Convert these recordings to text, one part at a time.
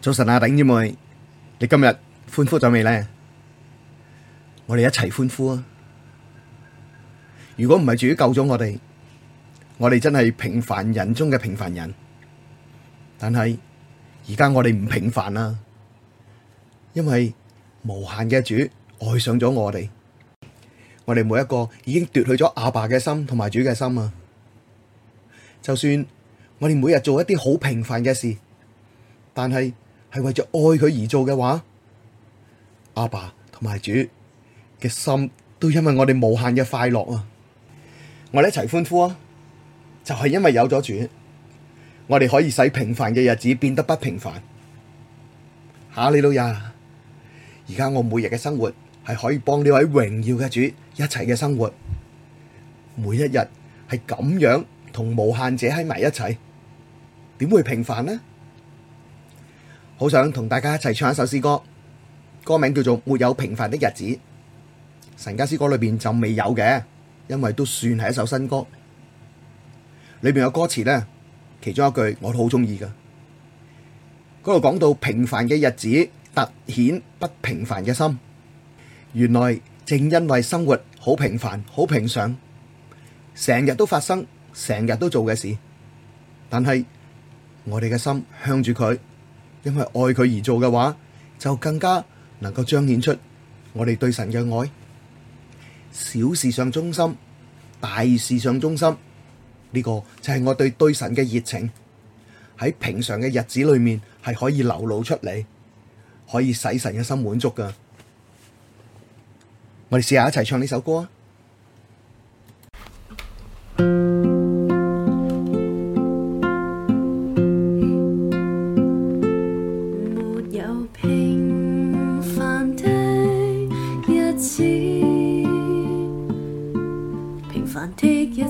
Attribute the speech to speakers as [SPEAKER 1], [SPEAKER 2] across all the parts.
[SPEAKER 1] 早晨啊，弟兄姊妹，你今日歡呼咗未呢？我哋一齊歡呼啊！如果唔係主救咗我哋，我哋真係平凡人中嘅平凡人。但係而家我哋唔平凡啊，因為無限嘅主愛上咗我哋，我哋每一個已經奪去咗阿爸嘅心同埋主嘅心啊！就算我哋每日做一啲好平凡嘅事，但係，係為咗愛佢而做嘅話，阿爸同埋主嘅心都因為我哋無限嘅快樂啊！我哋一齊歡呼啊！就係因為有咗主，我哋可以使平凡嘅日子變得不平凡。哈利路亞，而家我每日嘅生活係可以幫呢位榮耀嘅主一齊嘅生活，每一日係咁樣同無限者喺埋一齊，點會平凡呢？好想同大家一齊唱一首詩歌，歌名叫做《沒有平凡的日子》。神家詩歌裏邊就未有嘅，因為都算係一首新歌。裏面有歌詞呢，其中一句我好中意㗎，嗰度講到平凡嘅日子突顯不平凡嘅心。原來正因為生活好平凡、好平常，成日都發生、成日都做嘅事，但係我哋嘅心向住佢。因為愛佢而做嘅話，就更加能夠彰顯出我哋對神嘅愛。小事上忠心，大事上忠心，呢個就係我對對神嘅熱情。喺平常嘅日子裏面，係可以流露出嚟，可以使神嘅心滿足噶。我哋試下一齊唱呢首歌啊！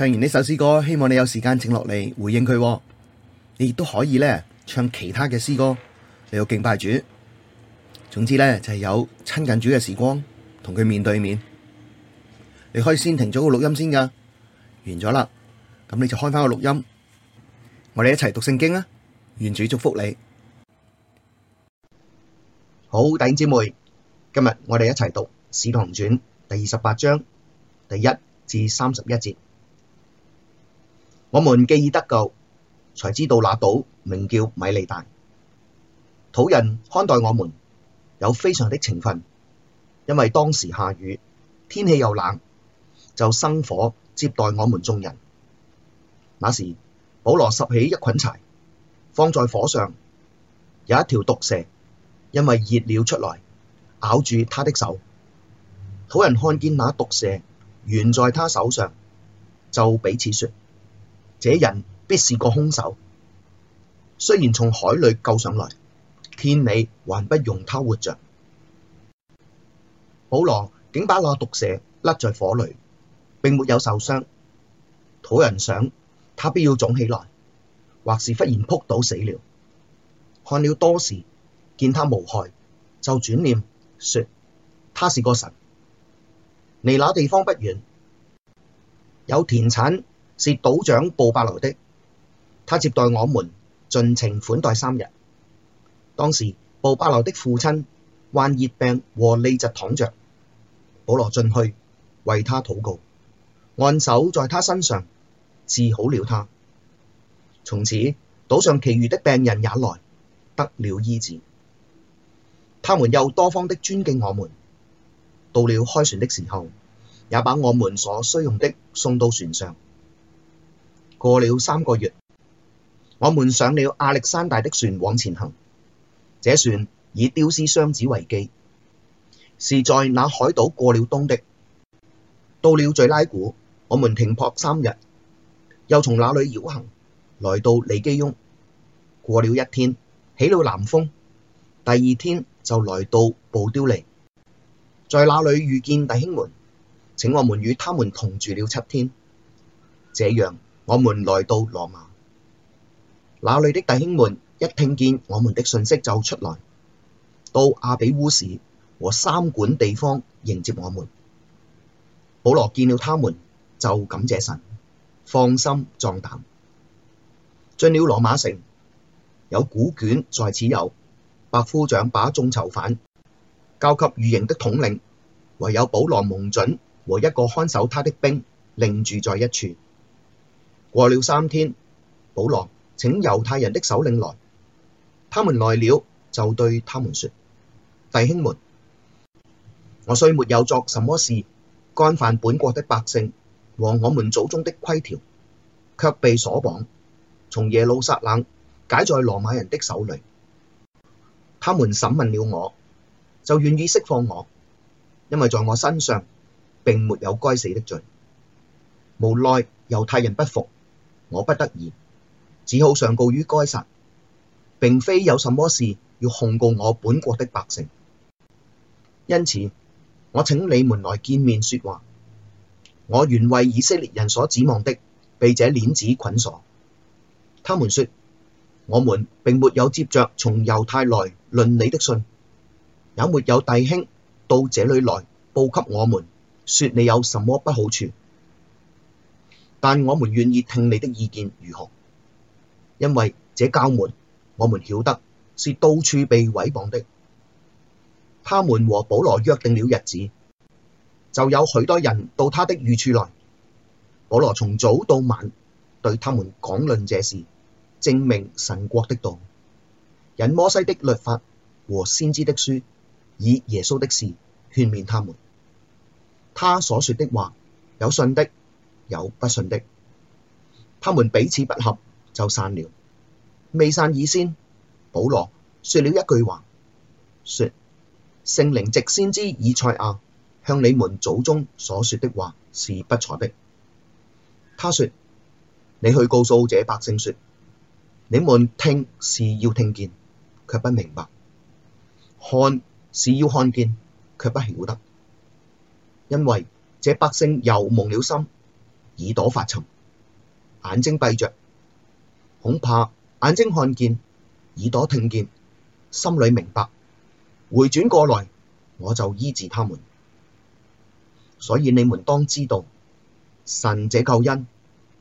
[SPEAKER 1] 唱完呢首詩歌，希望你有時間靜落嚟回應佢。你亦都可以咧唱其他嘅詩歌嚟要敬拜主。總之咧就係、是、有親近主嘅時光，同佢面對面。你可以先停咗個錄音先㗎，完咗啦，咁你就開翻個錄音。我哋一齊讀聖經啊！願主祝福你。好弟兄姊妹，今日我哋一齊讀《使徒行傳》第二十八章第一至三十一節。我們既已得救，才知道那島名叫米利大。土人看待我們，有非常的情分，因為當時下雨，天氣又冷，就生火接待我們眾人。那時，保羅拾起一捆柴，放在火上，有一條毒蛇，因為熱了出來，咬住他的手。土人看見那毒蛇懸在他手上，就彼此説：這人必是個兇手，雖然從海裏救上來，天理還不容他活着。保羅竟把那毒蛇甩在火裏，並沒有受傷。土人想他必要腫起來，或是忽然仆倒死了。看了多時，見他無害，就轉念說：他是個神。離那地方不遠，有田產。是島長部百流的，他接待我們，盡情款待三日。當時部百流的父親患熱病和痢疾躺着，保羅進去為他禱告，按手在他身上治好了他。從此島上其餘的病人也來得了醫治。他們又多方的尊敬我們，到了開船的時候，也把我們所需用的送到船上。過了三個月，我們上了亞力山大的船往前行。這船以丟斯雙子為記，是在那海島過了冬的。到了敘拉古，我們停泊三日，又從那裡繞行來到利基翁。過了一天，起了南風，第二天就來到部丟利，在那裡遇見弟兄們，請我們與他們同住了七天。這樣，我們來到羅馬，那裡的弟兄們一聽見我們的信息就出來，到亞比烏市和三館地方迎接我們。保羅見了他們，就感謝神，放心壯膽，進了羅馬城。有古卷在此有，百夫長把眾囚犯交給御營的統領，唯有保羅蒙准和一個看守他的兵另住在一處。過了三天，保羅請猶太人的首領來，他們來了就對他們說：弟兄們，我雖沒有作什麼事，干犯本國的百姓和我們祖宗的規條，卻被鎖綁，從耶路撒冷解在羅馬人的手裏。他們審問了我，就願意釋放我，因為在我身上並沒有該死的罪。無奈猶太人不服。我不得已，只好上告於該撒，並非有什麼事要控告我本國的百姓，因此我請你們來見面說話。我原為以色列人所指望的，被這鏈子捆鎖。他們說：我們並沒有接着從猶太來論你的信，也沒有弟兄到這裏來報給我們說你有什麼不好處。但我們願意聽你的意見如何？因為這教門，我們曉得是到處被毀謗的。他們和保羅約定了日子，就有許多人到他的寓處來。保羅從早到晚，對他們講論這事，證明神國的道，引摩西的律法和先知的書，以耶穌的事勸勉他們。他所說的話，有信的。有不信的，他們彼此不合，就散了。未散以先，保羅說了一句話，說，聖靈藉先知以賽亞向你們祖宗所說的話是不錯的。他說：你去告訴這百姓說，你們聽是要聽見，却不明白；看是要看見，卻不曉得，因為這百姓油蒙了心。耳朵發沉，眼睛閉着，恐怕眼睛看見，耳朵聽見，心裏明白，回轉過來，我就醫治他們。所以你們當知道，神這救恩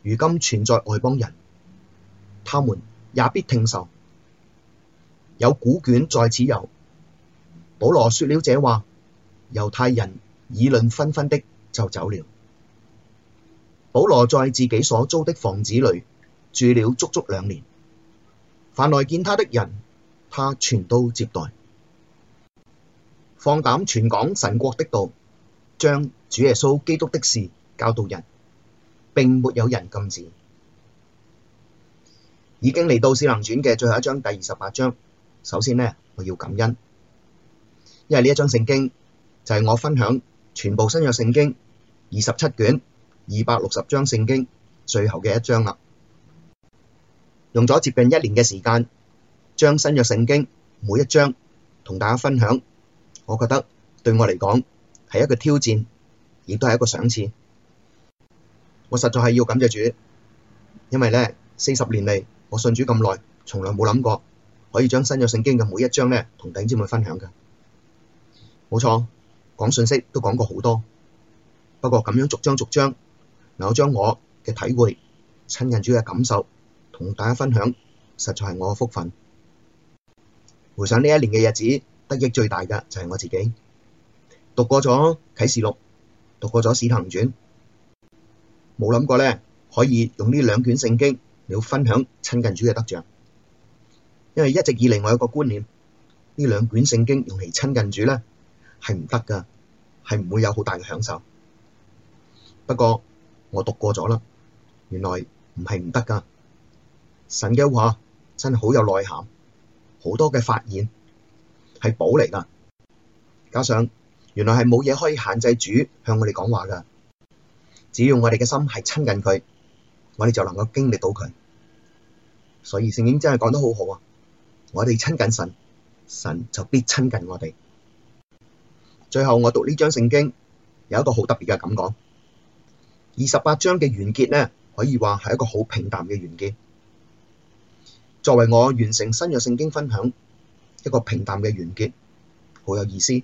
[SPEAKER 1] 如今存在外邦人，他們也必聽受。有古卷在此有。保羅說了這話，猶太人議論紛紛的就走了。保羅在自己所租的房子裏住了足足兩年，凡來見他的人，他全都接待，放膽傳講神國的道，將主耶穌基督的事教導人，並沒有人禁止。已經嚟到使徒行傳嘅最後一章第二十八章，首先呢，我要感恩，因為呢一章聖經就係我分享全部新約聖經二十七卷，二百六十章聖經最後嘅一章啦，用咗接近一年嘅時間，將新約聖經每一章同大家分享。我覺得對我嚟講係一個挑戰，亦都係一個賞賜。我實在係要感謝主，因為咧四十年嚟，我信主咁耐，從來冇諗過可以將新約聖經嘅每一章咧同弟兄姊妹分享噶。冇錯，講信息都講過好多，不過咁樣逐章逐章。嗱，然後將我嘅體會親近主嘅感受同大家分享，實在係我嘅福分。回想呢一年嘅日子，得益最大嘅就係我自己。讀過咗啟示錄，讀過咗使徒行傳，冇諗過咧可以用呢兩卷聖經嚟分享親近主嘅得獎。因為一直以嚟我有一個觀念，呢兩卷聖經用嚟親近主咧係唔得噶，係唔會有好大嘅享受。不過，我讀過咗啦，原來唔係唔得噶神嘅話真係好有內涵，好多嘅發現係寶嚟噶加上原來係冇嘢可以限制主向我哋講話噶只要我哋嘅心係親近佢，我哋就能夠經歷到佢。所以聖經真係講得好好啊！我哋親近神，神就必親近我哋。最後我讀呢章聖經有一個好特別嘅感覺。二十八章嘅完結咧，可以話係一個好平淡嘅完結。作為我完成新約聖經分享一個平淡嘅完結，好有意思。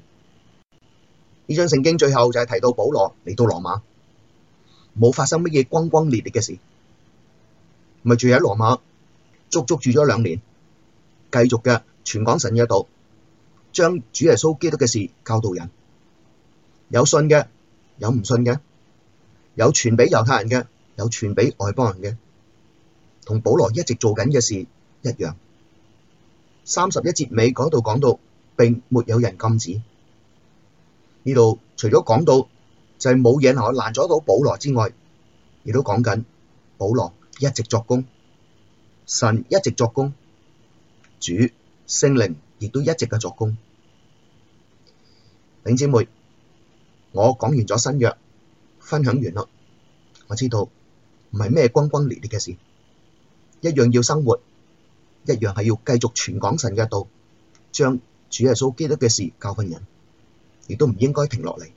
[SPEAKER 1] 呢章聖經最後就係提到保羅嚟到羅馬，冇發生乜嘢轟轟烈烈嘅事，咪住喺羅馬足足住咗兩年，繼續嘅傳講神嘅道，將主耶穌基督嘅事教導人，有信嘅有唔信嘅。有傳俾猶太人嘅，有傳俾外邦人嘅，同保羅一直做緊嘅事一樣。三十一節尾嗰度講到，並沒有人禁止。呢度除咗講到就係冇嘢可攔阻到保羅之外，亦都講緊保羅一直作工，神一直作工，主聖靈亦都一直嘅作工。弟兄姊妹，我講完咗新約。分享完咯，我知道唔係咩轟轟烈烈嘅事，一樣要生活，一樣係要繼續傳講神嘅道，將主耶穌基督嘅事教訓人，亦都唔應該停落嚟。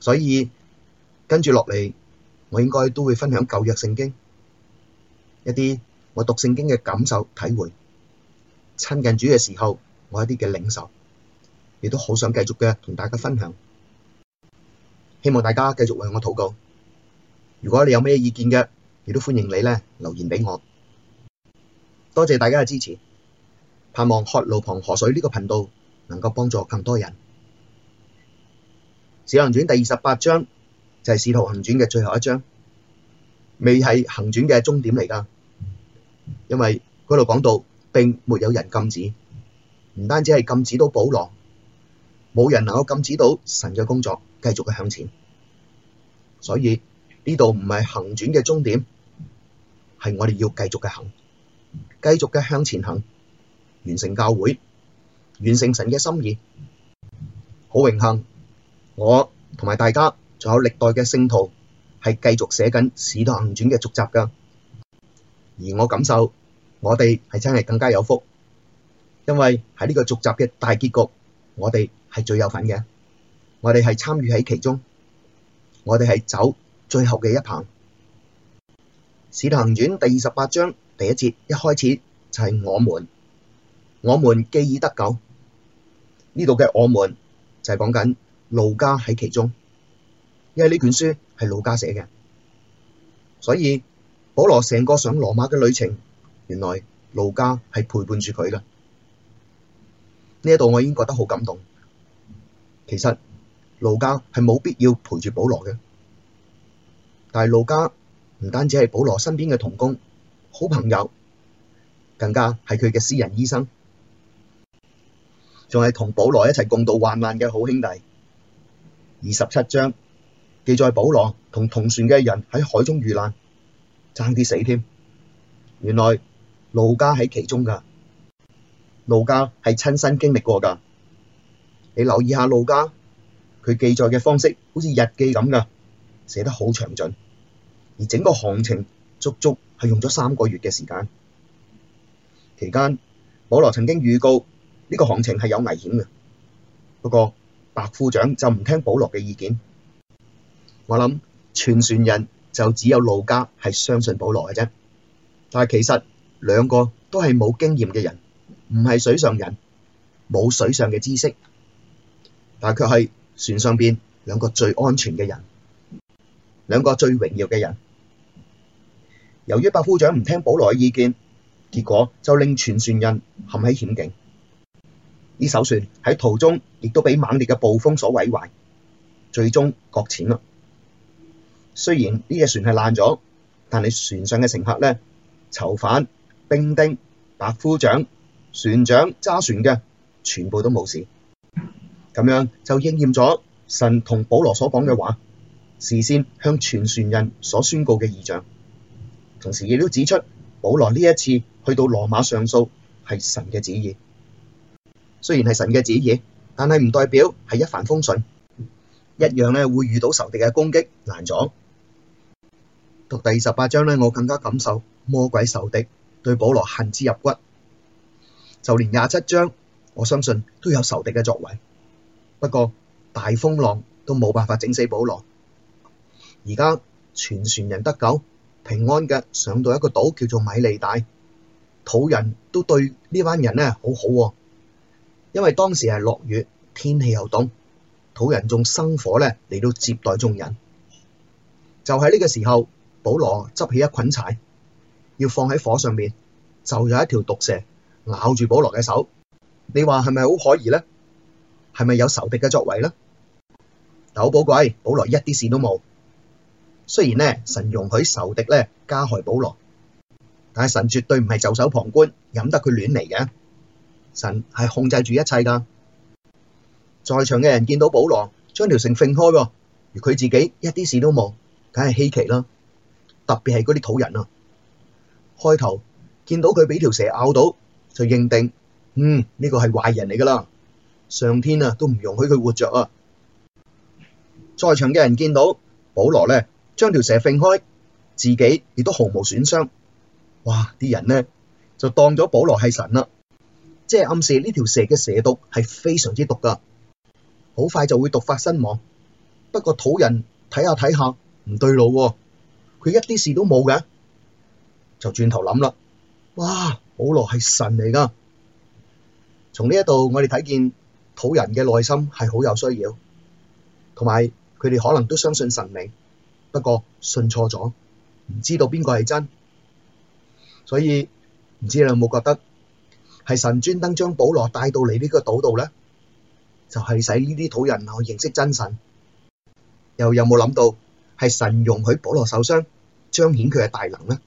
[SPEAKER 1] 所以跟住落嚟，我應該都會分享舊約聖經，一啲我讀聖經嘅感受體會，親近主嘅時候，我一啲嘅領受，亦都好想繼續嘅同大家分享。希望大家繼續為我禱告。如果你有咩意見嘅，亦都歡迎你咧留言畀我。多謝大家嘅支持，盼望喝路旁河水呢個頻道能夠幫助更多人。《使徒行傳》第二十八章就係《使徒行傳》嘅最後一章，未係行傳嘅終點嚟㗎，因為嗰度講到並沒有人禁止，唔單止係禁止到保羅，冇人能夠禁止到神嘅工作。繼續向前，所以呢度唔係行傳嘅終點，係我哋要繼續嘅行，繼續嘅向前行，完成教會，完成神嘅心意。好榮幸，我同埋大家歷，仲有歷代嘅聖徒係繼續寫緊使徒行傳嘅續集噶。而我感受，我哋係真係更加有福，因為喺呢個續集嘅大結局，我哋係最有份嘅。我哋係參與喺其中，我哋係走最後嘅一棒。使徒行傳第二十八章第一節一開始就係我們，我們既已得救，呢度嘅我們就係講緊路加喺其中，因為呢卷書係路加寫嘅，所以保羅成個上羅馬嘅旅程，原來路加係陪伴住佢噶。呢一度我已經覺得好感動，其實。路加係冇必要陪住保羅嘅，但係路加唔單止係保羅身邊嘅同工、好朋友，更加係佢嘅私人醫生，仲係同保羅一齊共度患難嘅好兄弟。二十七章記載保羅同同船嘅人喺海中遇難，爭啲死添。原來路加喺其中噶，路加係親身經歷過噶。你留意下路加。佢記載嘅方式好似日記咁㗎，寫得好詳盡。而整個行程足足係用咗三個月嘅時間。期間，保羅曾經預告呢個行程係有危險嘅。不過，百夫長就唔聽保羅嘅意見。我諗全船人就只有路加係相信保羅嘅啫。但係其實兩個都係冇經驗嘅人，唔係水上人，冇水上嘅知識，但係卻係船上邊兩個最安全嘅人，兩個最榮耀嘅人。由於百夫長唔聽保羅嘅意見，結果就令全船人陷喺險境。呢艘船喺途中亦都俾猛烈嘅暴風所毀壞，最終擱淺啦。雖然呢隻船係爛咗，但係船上嘅乘客咧、囚犯、兵丁、百夫長、船長揸船嘅，全部都冇事。咁樣就應驗咗神同保羅所講嘅話，事先向全船人所宣告嘅異象，同時亦都指出保羅呢一次去到羅馬上訴係神嘅旨意。雖然係神嘅旨意，但係唔代表係一帆風順，一樣咧會遇到仇敵嘅攻擊，難阻。讀第二十八章呢，我更加感受魔鬼仇敵對保羅恨之入骨，就連廿七章，我相信都有仇敵嘅作為。不過大風浪都冇辦法整死保羅，而家全船人得救，平安嘅上到一個島叫做米利大，土人都對呢班人呢好好啊，因為當時係落雨，天氣又凍，土人仲生火呢嚟到接待眾人。就喺呢個時候，保羅執起一捆柴，要放喺火上面，就有一條毒蛇咬住保羅嘅手，你話係咪好可疑呢？係咪有仇敵嘅作為咧？但好寶貴，保羅一啲事都冇。雖然咧，神容許仇敵咧加害保羅，但係神絕對唔係袖手旁觀，任得佢亂嚟嘅。神係控制住一切噶。在場嘅人見到保羅將條蛇揈開，而佢自己一啲事都冇，梗係稀奇啦。特別係嗰啲土人啊，開頭見到佢俾條蛇咬到，就認定嗯，呢個係壞人嚟噶啦。上天啊，都唔容許佢活着啊！在場嘅人見到保羅咧，將條蛇揈開，自己亦都毫無損傷。哇！啲人呢就當咗保羅係神啦，即係暗示呢條蛇嘅蛇毒係非常之毒噶，好快就會毒發身亡。不過土人睇下睇下唔對路喎，佢一啲事都冇嘅，就轉頭諗啦。哇！保羅係神嚟噶，從呢一度我哋睇見。土人嘅內心係好有需要，同埋佢哋可能都相信神明，不過信錯咗，唔知道邊個係真。所以唔知你有冇覺得係神專登將保羅帶到你呢個島度咧，就係、是、使呢啲土人能夠認識真神。又有冇諗到係神容許保羅受傷，彰顯佢嘅大能咧，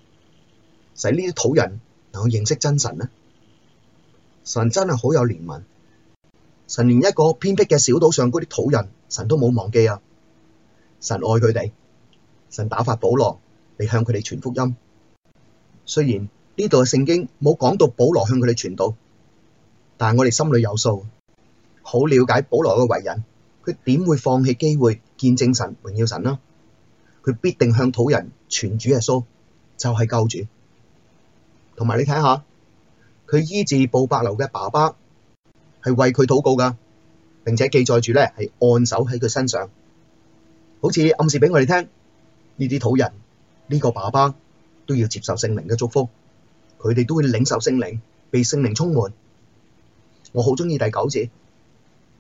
[SPEAKER 1] 使呢啲土人能夠認識真神咧？神真係好有憐憫。神連一個偏僻嘅小島上嗰啲土人，神都冇忘記啊！神愛佢哋，神打發保羅嚟向佢哋傳福音。雖然呢度嘅聖經冇講到保羅向佢哋傳道，但係我哋心裏有數，好了解保羅嘅為人，佢點會放棄機會見證神榮耀神呢？佢必定向土人傳主耶穌，就係、是、救主。同埋你睇下，佢醫治部百流嘅爸爸。係為佢禱告噶，並且記載住咧，係按手喺佢身上，好似暗示俾我哋聽，呢啲土人呢個爸爸都要接受聖靈嘅祝福，佢哋都會領受聖靈，被聖靈充滿。我好中意第九節，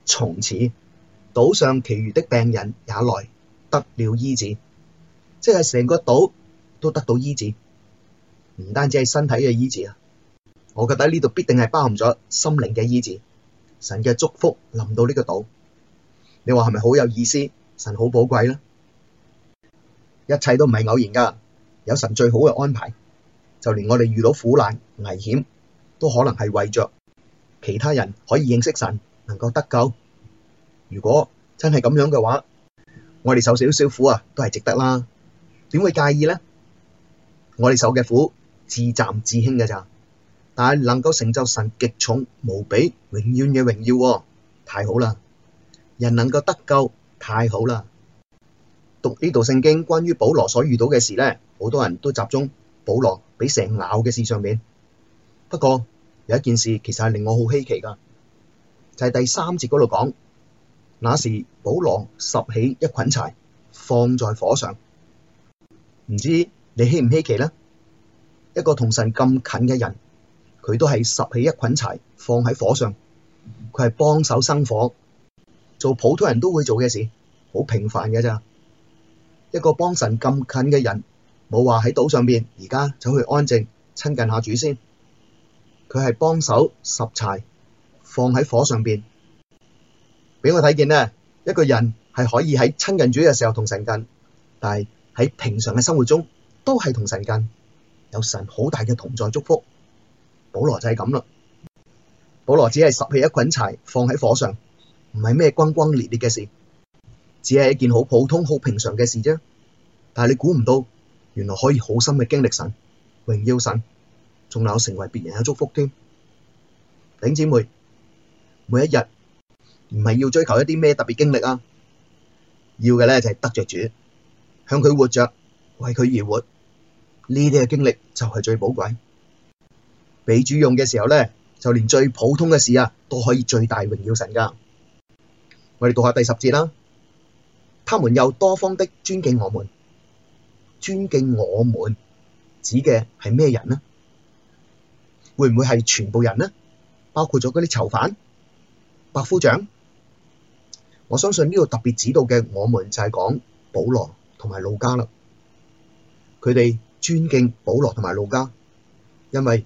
[SPEAKER 1] 從此島上其餘的病人也來得了醫治，即係成個島都得到醫治，唔單止係身體嘅醫治啊！我覺得呢度必定係包含咗心靈嘅醫治。神嘅祝福臨到呢個島，你話係咪好有意思？神好寶貴啦，一切都唔係偶然噶，有神最好嘅安排，就連我哋遇到苦難，危險，都可能係為着其他人可以認識神，能夠得救。如果真係咁樣嘅話，我哋受少少苦啊，都係值得啦，點會介意咧？我哋受嘅苦自賺自興嘅咋～但係能夠成就神極重無比永遠嘅榮耀。哦，太好啦！人能夠得救，太好啦！讀呢度聖經關於保羅所遇到嘅事咧，好多人都集中保羅俾蛇咬嘅事上面。不過有一件事其實係令我好稀奇噶，就係、是、第三節嗰度講，那時保羅拾起一捆柴放在火上。唔知你稀唔稀奇咧？一個同神咁近嘅人。佢都係拾起一捆柴放喺火上，佢係幫手生火，做普通人都會做嘅事，好平凡嘅咋。一個幫神咁近嘅人，冇話喺島上邊，而家走去安靜親近下主先。佢係幫手拾柴放喺火上邊，畀我睇見咧，一個人係可以喺親近主嘅時候同神近，但係喺平常嘅生活中都係同神近，有神好大嘅同在祝福。保羅就係咁啦。保羅只係拾起一捆柴放喺火上，唔係咩轟轟烈烈嘅事，只係一件好普通、好平常嘅事啫。但係你估唔到，原來可以好深嘅經歷神榮耀神，仲有成為別人嘅祝福添。頂姊妹，每一日唔係要追求一啲咩特別經歷啊，要嘅咧就係得着主，向佢活着，為佢而活，呢啲嘅經歷就係最寶貴。俾主用嘅時候咧，就連最普通嘅事啊，都可以最大榮耀神噶。我哋讀下第十節啦。他們又多方的尊敬我們，尊敬我們指嘅係咩人呢？會唔會係全部人呢？包括咗嗰啲囚犯、百夫長？我相信呢度特別指到嘅，我們就係講保羅同埋路加啦。佢哋尊敬保羅同埋路加，因為。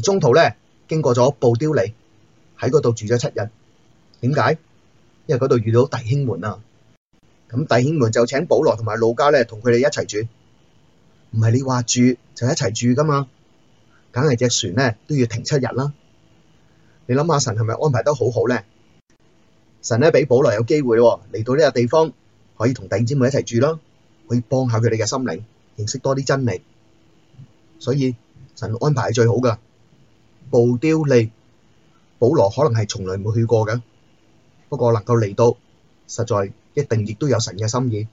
[SPEAKER 1] 中途咧，經過咗部丟利，喺嗰度住咗七日，點解？因為嗰度遇到弟兄們啊，咁弟兄們就請保羅同埋路加咧，同佢哋一齊住，唔係你話住就是，一齊住噶嘛，梗係隻船咧都要停七日啦。你諗下神係咪安排得好好咧？神咧俾保羅有機會嚟到呢個地方，可以同弟兄姊妹一齊住咯，可以幫下佢哋嘅心靈，認識多啲真理，所以神安排係最好噶。部丟利，保羅可能係從來冇去過嘅，不過能夠嚟到，實在一定亦都有神嘅心意。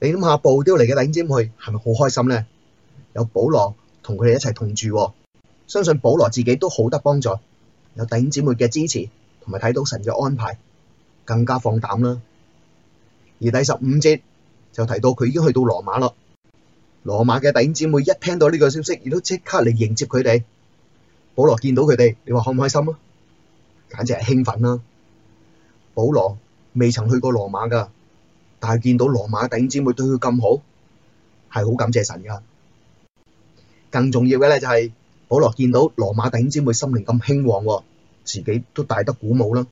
[SPEAKER 1] 你諗下部丟利嘅弟兄姊妹係咪好開心呢？有保羅同佢哋一齊同住，相信保羅自己都好得幫助，有弟兄姐妹嘅支持，同埋睇到神嘅安排，更加放膽啦。而第十五節就提到佢已經去到羅馬啦，羅馬嘅弟兄姐妹一聽到呢個消息，亦都即刻嚟迎接佢哋。保羅見到佢哋，你話開唔開心啊？簡直係興奮啦！保羅未曾去過羅馬噶，但係見到羅馬啲弟兄姊妹對佢咁好，係好感謝神噶。更重要嘅咧就係、是、保羅見到羅馬啲弟兄姊妹心靈咁興旺，自己都大得鼓舞啦。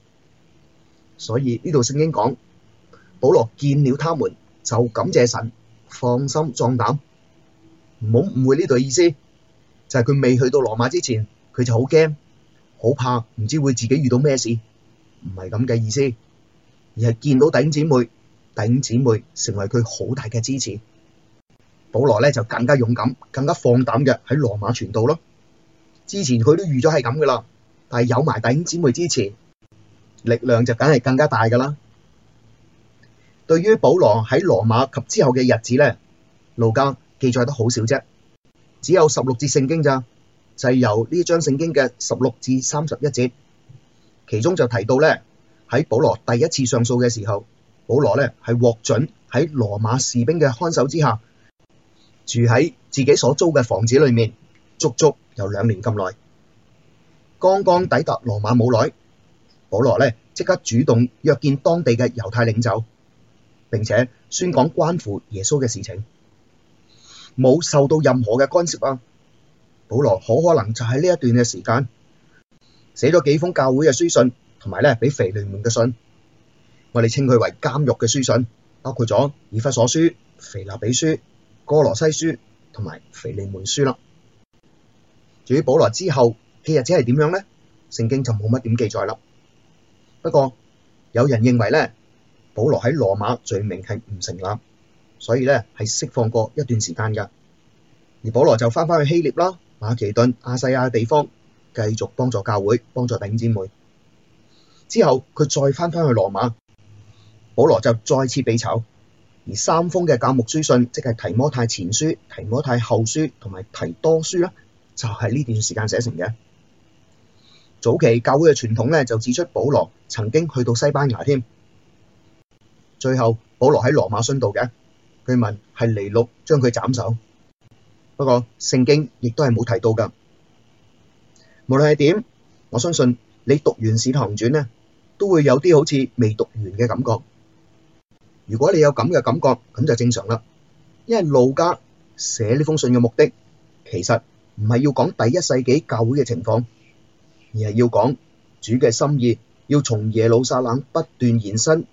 [SPEAKER 1] 所以呢度聖經講保羅見了他們，就感謝神，放心壯膽。唔好誤會呢度意思，就係、是、佢未去到羅馬之前。佢就好驚，好怕，唔知會自己遇到咩事，唔係咁嘅意思，而係見到弟兄姊妹，弟兄姊妹成為佢好大嘅支持。保羅咧就更加勇敢，更加放膽嘅喺羅馬傳道咯。之前佢都預咗係咁噶啦，但係有埋弟兄姊妹支持，力量就梗係更加大噶啦。對於保羅喺羅馬及之後嘅日子咧，路加記載得好少啫，只有十六節聖經咋。就由呢一章聖經嘅十六至三十一節，其中就提到咧，喺保羅第一次上訴嘅時候，保羅咧係獲准喺羅馬士兵嘅看守之下，住喺自己所租嘅房子裏面，足足有兩年咁耐。剛剛抵達羅馬冇耐，保羅咧即刻主動約見當地嘅猶太領袖，並且宣講關乎耶穌嘅事情，冇受到任何嘅干涉啊！保羅好可能就喺呢一段嘅時間寫咗幾封教會嘅書信，同埋咧俾腓利門嘅信，我哋稱佢為監獄嘅書信，包括咗以弗所書、腓立比書、哥羅西書同埋腓利門書啦。至於保羅之後嘅日子係點樣咧？聖經就冇乜點記載啦。不過有人認為咧，保羅喺羅馬罪名係唔成立，所以咧係釋放過一段時間噶，而保羅就翻返去希臘啦。馬其頓、亞西亞地方繼續幫助教會、幫助弟兄姊妹。之後佢再返返去羅馬，保羅就再次被囚。而三封嘅教牧書信，即係提摩太前書、提摩太後書同埋提多書呢就係、是、呢段時間寫成嘅。早期教會嘅傳統呢，就指出保羅曾經去到西班牙添。最後保羅喺羅馬殉道嘅，據聞係尼祿將佢斬首。不過聖經亦都係冇提到噶。無論係點，我相信你讀完使徒傳咧，都會有啲好似未讀完嘅感覺。如果你有咁嘅感覺，咁就正常啦。因為路加寫呢封信嘅目的，其實唔係要講第一世紀教會嘅情況，而係要講主嘅心意，要從耶路撒冷不斷延伸，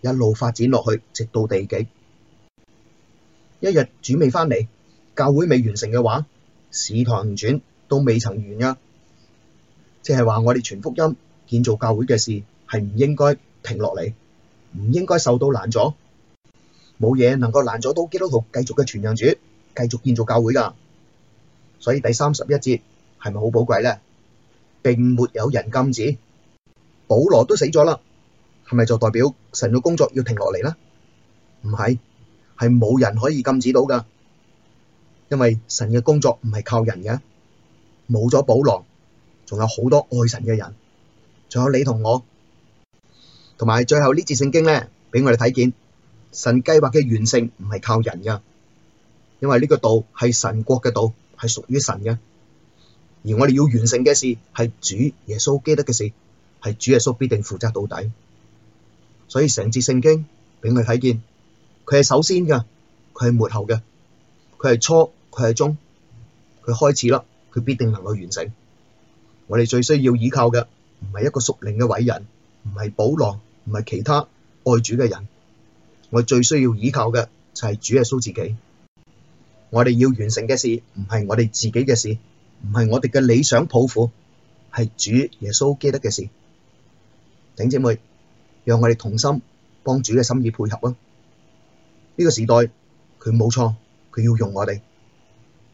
[SPEAKER 1] 一路發展落去，直到地極。一日主未返嚟，教會未完成嘅話，使徒行傳都未曾完噶，即係話我哋全福音、建造教會嘅事係唔應該停落嚟，唔應該受到攔阻，冇嘢能夠攔阻到基督徒繼續嘅傳揚主，繼續建造教會噶。所以第三十一節係咪好寶貴咧？並沒有人禁止，保羅都死咗啦，係咪就代表神嘅工作要停落嚟咧？唔係，係冇人可以禁止到噶。因為神嘅工作唔係靠人嘅，冇咗保羅，仲有好多愛神嘅人，仲有你同我，同埋最後呢節聖經咧，俾我哋睇見神計劃嘅完成唔係靠人噶，因為呢個道係神國嘅道，係屬於神嘅，而我哋要完成嘅事係主耶穌基督嘅事，係主耶穌必定負責到底，所以成節聖經俾我哋睇見，佢係首先噶，佢係末後嘅，佢係初。佢係中，佢開始啦，佢必定能夠完成。我哋最需要依靠嘅唔係一個屬靈嘅偉人，唔係保羅，唔係其他愛主嘅人。我最需要依靠嘅就係主耶穌自己。我哋要完成嘅事唔係我哋自己嘅事，唔係我哋嘅理想抱負，係主耶穌基督嘅事。頂姐妹，讓我哋同心幫主嘅心意配合啊！呢、這個時代佢冇錯，佢要用我哋。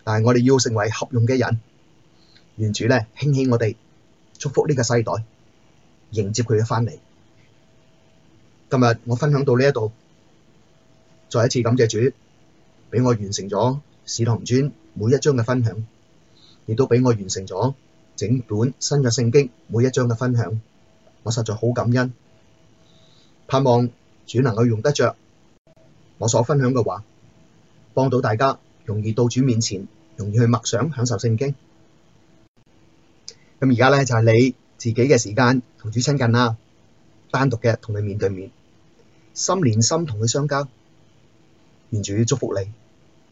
[SPEAKER 1] 但係我哋要成為合用嘅人，願主咧興起我哋，祝福呢個世代，迎接佢嘅翻嚟。今日我分享到呢一度，再一次感謝主，俾我完成咗《使徒行傳》每一章嘅分享，亦都俾我完成咗整本新嘅聖經每一章嘅分享，我實在好感恩。盼望主能夠用得着我所分享嘅話，幫到大家，容易到主面前。容易去默想，享受聖經。咁而家咧就係你自己嘅時間同主親近啦，單獨嘅同佢面對面，心連心同佢相交，願主祝福你。